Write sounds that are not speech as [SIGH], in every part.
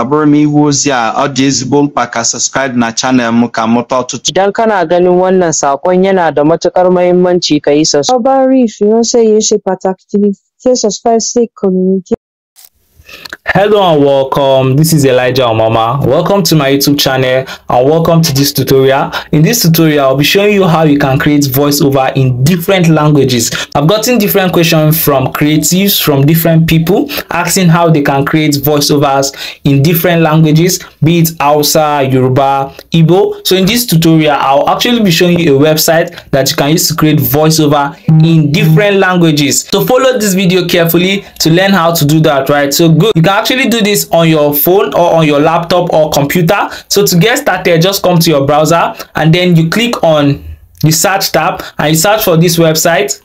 Abụrụ m ihu ozi a, ọ dị ezigbo mkpa ka "subscribe" na chanel mu ka mụta ọtụtụ ihe. Idan kana ganin wannan saƙon yana da matuƙar muhimmanci ka yi sọskraịb. Ọba rí ìfihànsẹ́ yìí ṣe pàtàkì, kí o sọskraịb sí ìkànnì yìí. hello and welcome this is elijah omama welcome to my youtube channel and welcome to this tutorial in this tutorial i'll be showing you how you can create voiceover in different languages i've gotten different questions from creatives from different people asking how they can create voiceovers in different languages be it hausa yoruba igbo so in this tutorial i'll actually be showing you a website that you can use to create voiceover in different languages so follow this video carefully to learn how to do that right so good you can actually do this on your phone or on your laptop or computer so to get started just come to your browser and then you click on the search tab and you search for this website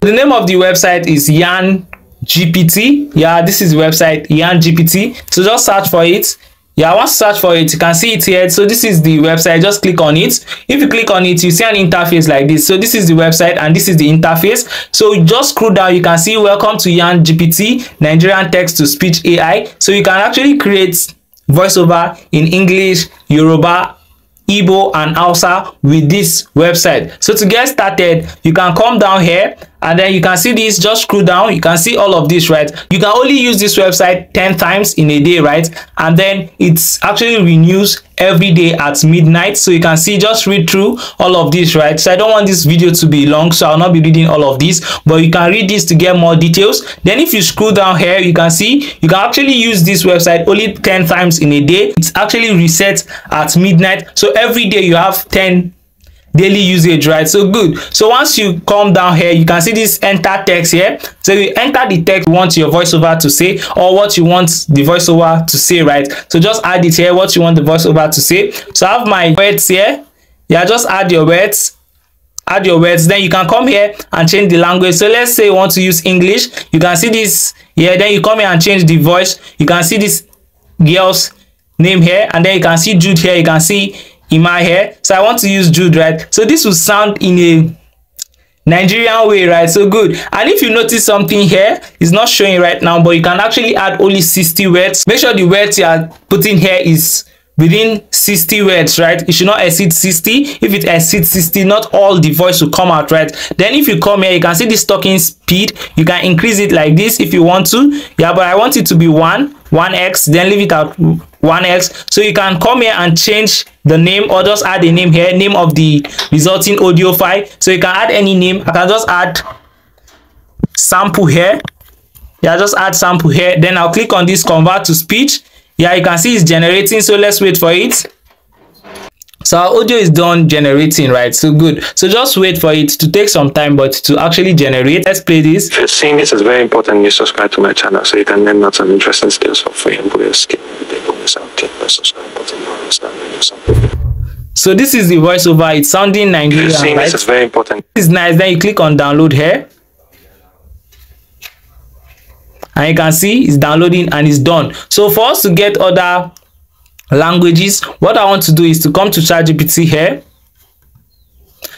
the name of the website is Yan gpt yeah this is website Yan gpt so just search for it yeah i want to search for it you can see it here so this is the website just click on it if you click on it you see an interface like this so this is the website and this is the interface so just scroll down you can see welcome to yarn gpt nigerian text to speech ai so you can actually create voiceover in english yoruba Igbo and Hausa with this website. So to get started, you can come down here and then you can see this just scroll down you can see all of this right you can only use this website 10 times in a day right and then it's actually renews every day at midnight so you can see just read through all of this right so i don't want this video to be long so i'll not be reading all of this but you can read this to get more details then if you scroll down here you can see you can actually use this website only 10 times in a day it's actually reset at midnight so every day you have 10 daily usage right so good so once you come down here you can see this enter text here so you enter the text you want your voiceover to say or what you want the voiceover to say right so just add it here what you want the voiceover to say so i have my words here yeah just add your words add your words then you can come here and change the language so let's say you want to use english you can see this here then you come here and change the voice you can see this girl's name here and then you can see jude here you can see in my hair so i want to use jude right so this will sound in a nigerian way right so good and if you notice something here it's not showing right now but you can actually add only 60 words make sure the words you are putting here is within 60 words right it should not exceed 60 if it exceeds 60 not all the voice will come out right then if you come here you can see this talking speed you can increase it like this if you want to yeah but i want it to be one one x then leave it at 1x so you can come here and change the name or just add a name here name of the resulting audio file so you can add any name i can just add sample here yeah just add sample here then i'll click on this convert to speech yeah you can see it's generating so let's wait for it so our audio is done generating right so good so just wait for it to take some time but to actually generate let's play this if you're seeing this it's very important you subscribe to my channel so you can learn lots of interesting skills for free and grow your skill so this is the voiceover. It's sounding Nigerian, right? This is very important. It's nice. Then you click on download here. And you can see it's downloading and it's done. So for us to get other languages, what I want to do is to come to ChatGPT here.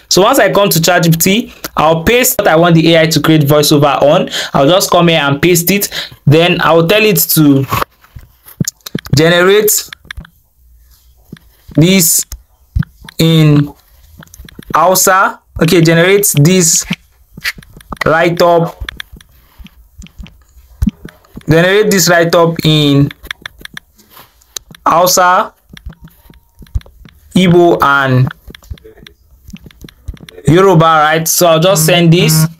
So once I come to ChatGPT, I'll paste what I want the AI to create voiceover on. I'll just come here and paste it. Then I'll tell it to generate this in Hausa. Okay, generate this light up. Generate this light up in Hausa, Igbo, and Yoruba, right? So I'll just send this. Mm-hmm.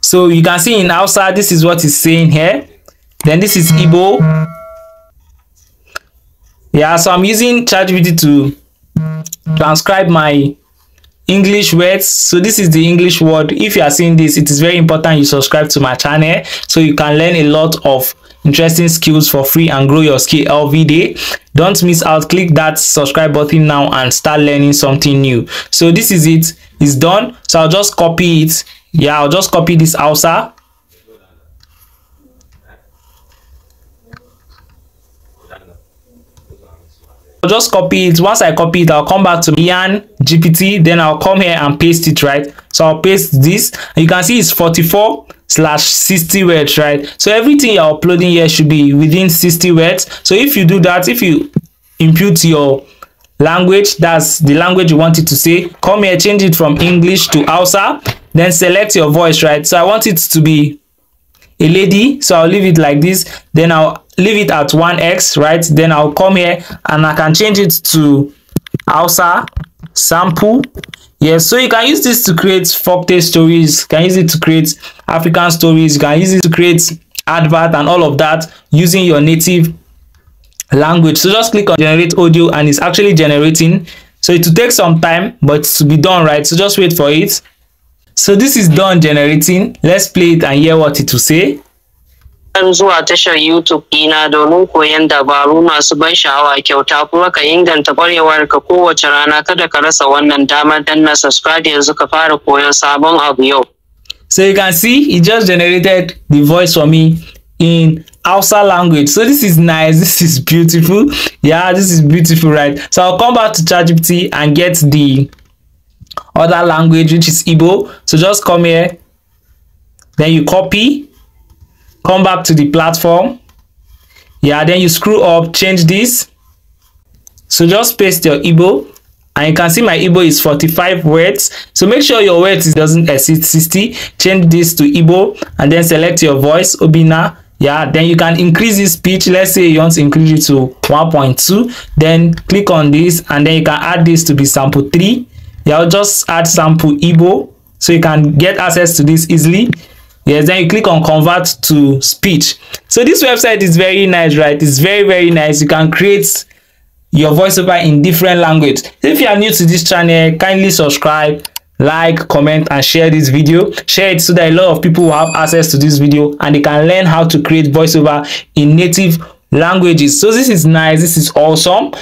So you can see in Hausa, this is what it's saying here. Then this is Igbo. Yeah, so I'm using ChatGPT to transcribe my English words. So this is the English word. If you are seeing this, it is very important you subscribe to my channel so you can learn a lot of interesting skills for free and grow your skill every day don't miss out click that subscribe button now and start learning something new so this is it it's done so i'll just copy it yeah i'll just copy this also just copy it once i copy it i'll come back to yarn gpt then i'll come here and paste it right so i'll paste this you can see it's 44 slash 60 words right so everything you're uploading here should be within 60 words so if you do that if you impute your language that's the language you want it to say come here change it from english to hausa then select your voice right so i want it to be a lady so i'll leave it like this then i'll leave it at 1x right then i'll come here and i can change it to Hausa sample yes so you can use this to create folktale stories you can use it to create african stories you can use it to create advert and all of that using your native language so just click on generate audio and it's actually generating so it will take some time but to be done right so just wait for it so this is done generating let's play it and hear what it will say kan zuwa tashar YouTube ɗina domin koyon dabaru masu ban sha'awa kyauta kuma ka inganta ƙwarewarka kowace rana kada ka rasa wannan damar dan na subscribe yanzu ka fara koyon sabon abu yau. So you can see he just generated the voice for me in Hausa language. So this is nice. [LAUGHS] This is beautiful. Yeah, this is beautiful, right? So I'll come back to ChatGPT and get the other language which is Igbo. So just come here. Then you copy come back to the platform yeah then you screw up change this so just paste your EBO, and you can see my EBO is 45 words so make sure your words doesn't exceed 60 change this to EBO, and then select your voice Obina yeah then you can increase this pitch let's say you want to increase it to 1.2 then click on this and then you can add this to be sample 3 yeah I'll just add sample EBO so you can get access to this easily yes then you click on convert to speech so this website is very nice right it's very very nice you can create your voiceover in different language if you are new to this channel kindly subscribe like comment and share this video share it so that a lot of people will have access to this video and they can learn how to create voiceover in native languages so this is nice this is awesome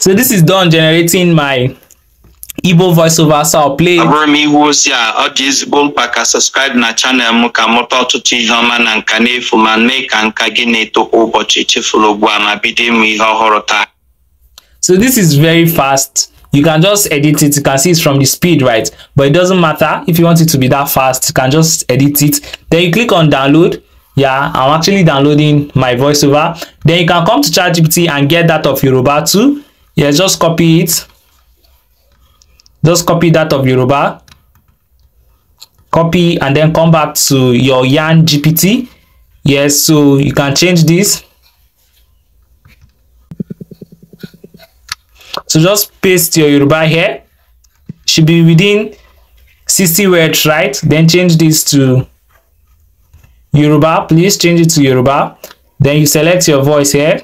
so this is done generating my igbo voice over sa play ọ bụrụ m ihu ozi a ọ dị ezigbo mkpa ka sọskraịbụ na chanel m ka mụta ọtụtụ ihe ọma na nka n'efu ma mee ka nka gị na-eto kwa ụbọchị chefuru ugbu a ma bido ịmụ ihe ọhụrụ taa so this is very fast you can just edit it you can see it's from the speed right but it doesn't matter if you want it to be that fast you can just edit it then you click on download yeah i'm actually downloading my voiceover then you can come to chatgpt and get that of yoruba too yeah just copy it just copy that of Yoruba copy and then come back to your yarn gpt yes so you can change this so just paste your yoruba here should be within 60 words right then change this to yoruba please change it to yoruba then you select your voice here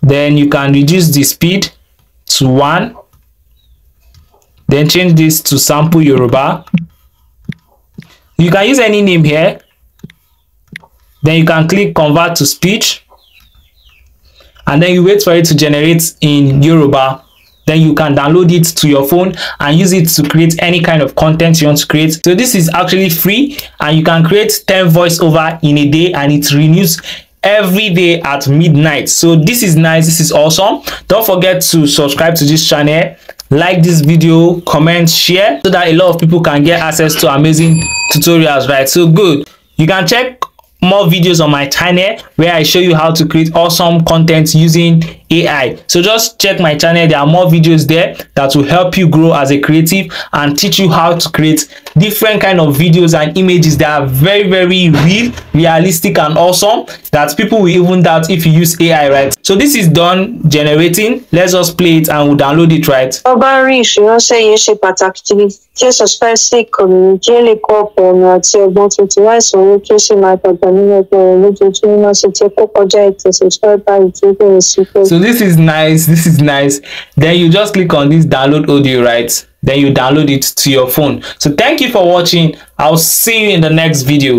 then you can reduce the speed to 1 then change this to sample Yoruba you can use any name here then you can click convert to speech and then you wait for it to generate in Yoruba then you can download it to your phone and use it to create any kind of content you want to create so this is actually free and you can create 10 voiceover in a day and it renews every day at midnight so this is nice this is awesome don't forget to subscribe to this channel like this video comment share so that a lot of people can get access to amazing tutorials right so good you can check more videos on my channel where i show you how to create awesome content using AI. So just check my channel. There are more videos there that will help you grow as a creative and teach you how to create different kind of videos and images that are very, very real, realistic and awesome that people will even doubt if you use AI, right? So this is done generating. Let's just play it and we'll download it, right? Ọba rí ìṣèwọ́sẹ̀ yìí ṣe kí ó lè kọ́ ọ̀pọ̀ ọ̀nà àti ọgbọ́n tuntun láì sọ̀rọ̀ kí ó sì máa dàgbà nínú ẹgbẹ́ rẹ̀ lójoojúmọ́ sí ti kó kọjá ìtẹ̀síwájú àti ìtúgbẹ̀rẹ̀ sí pé. this is nice this is nice then you just click on this download audio right then you download it to your phone so thank you for watching i'll see you in the next video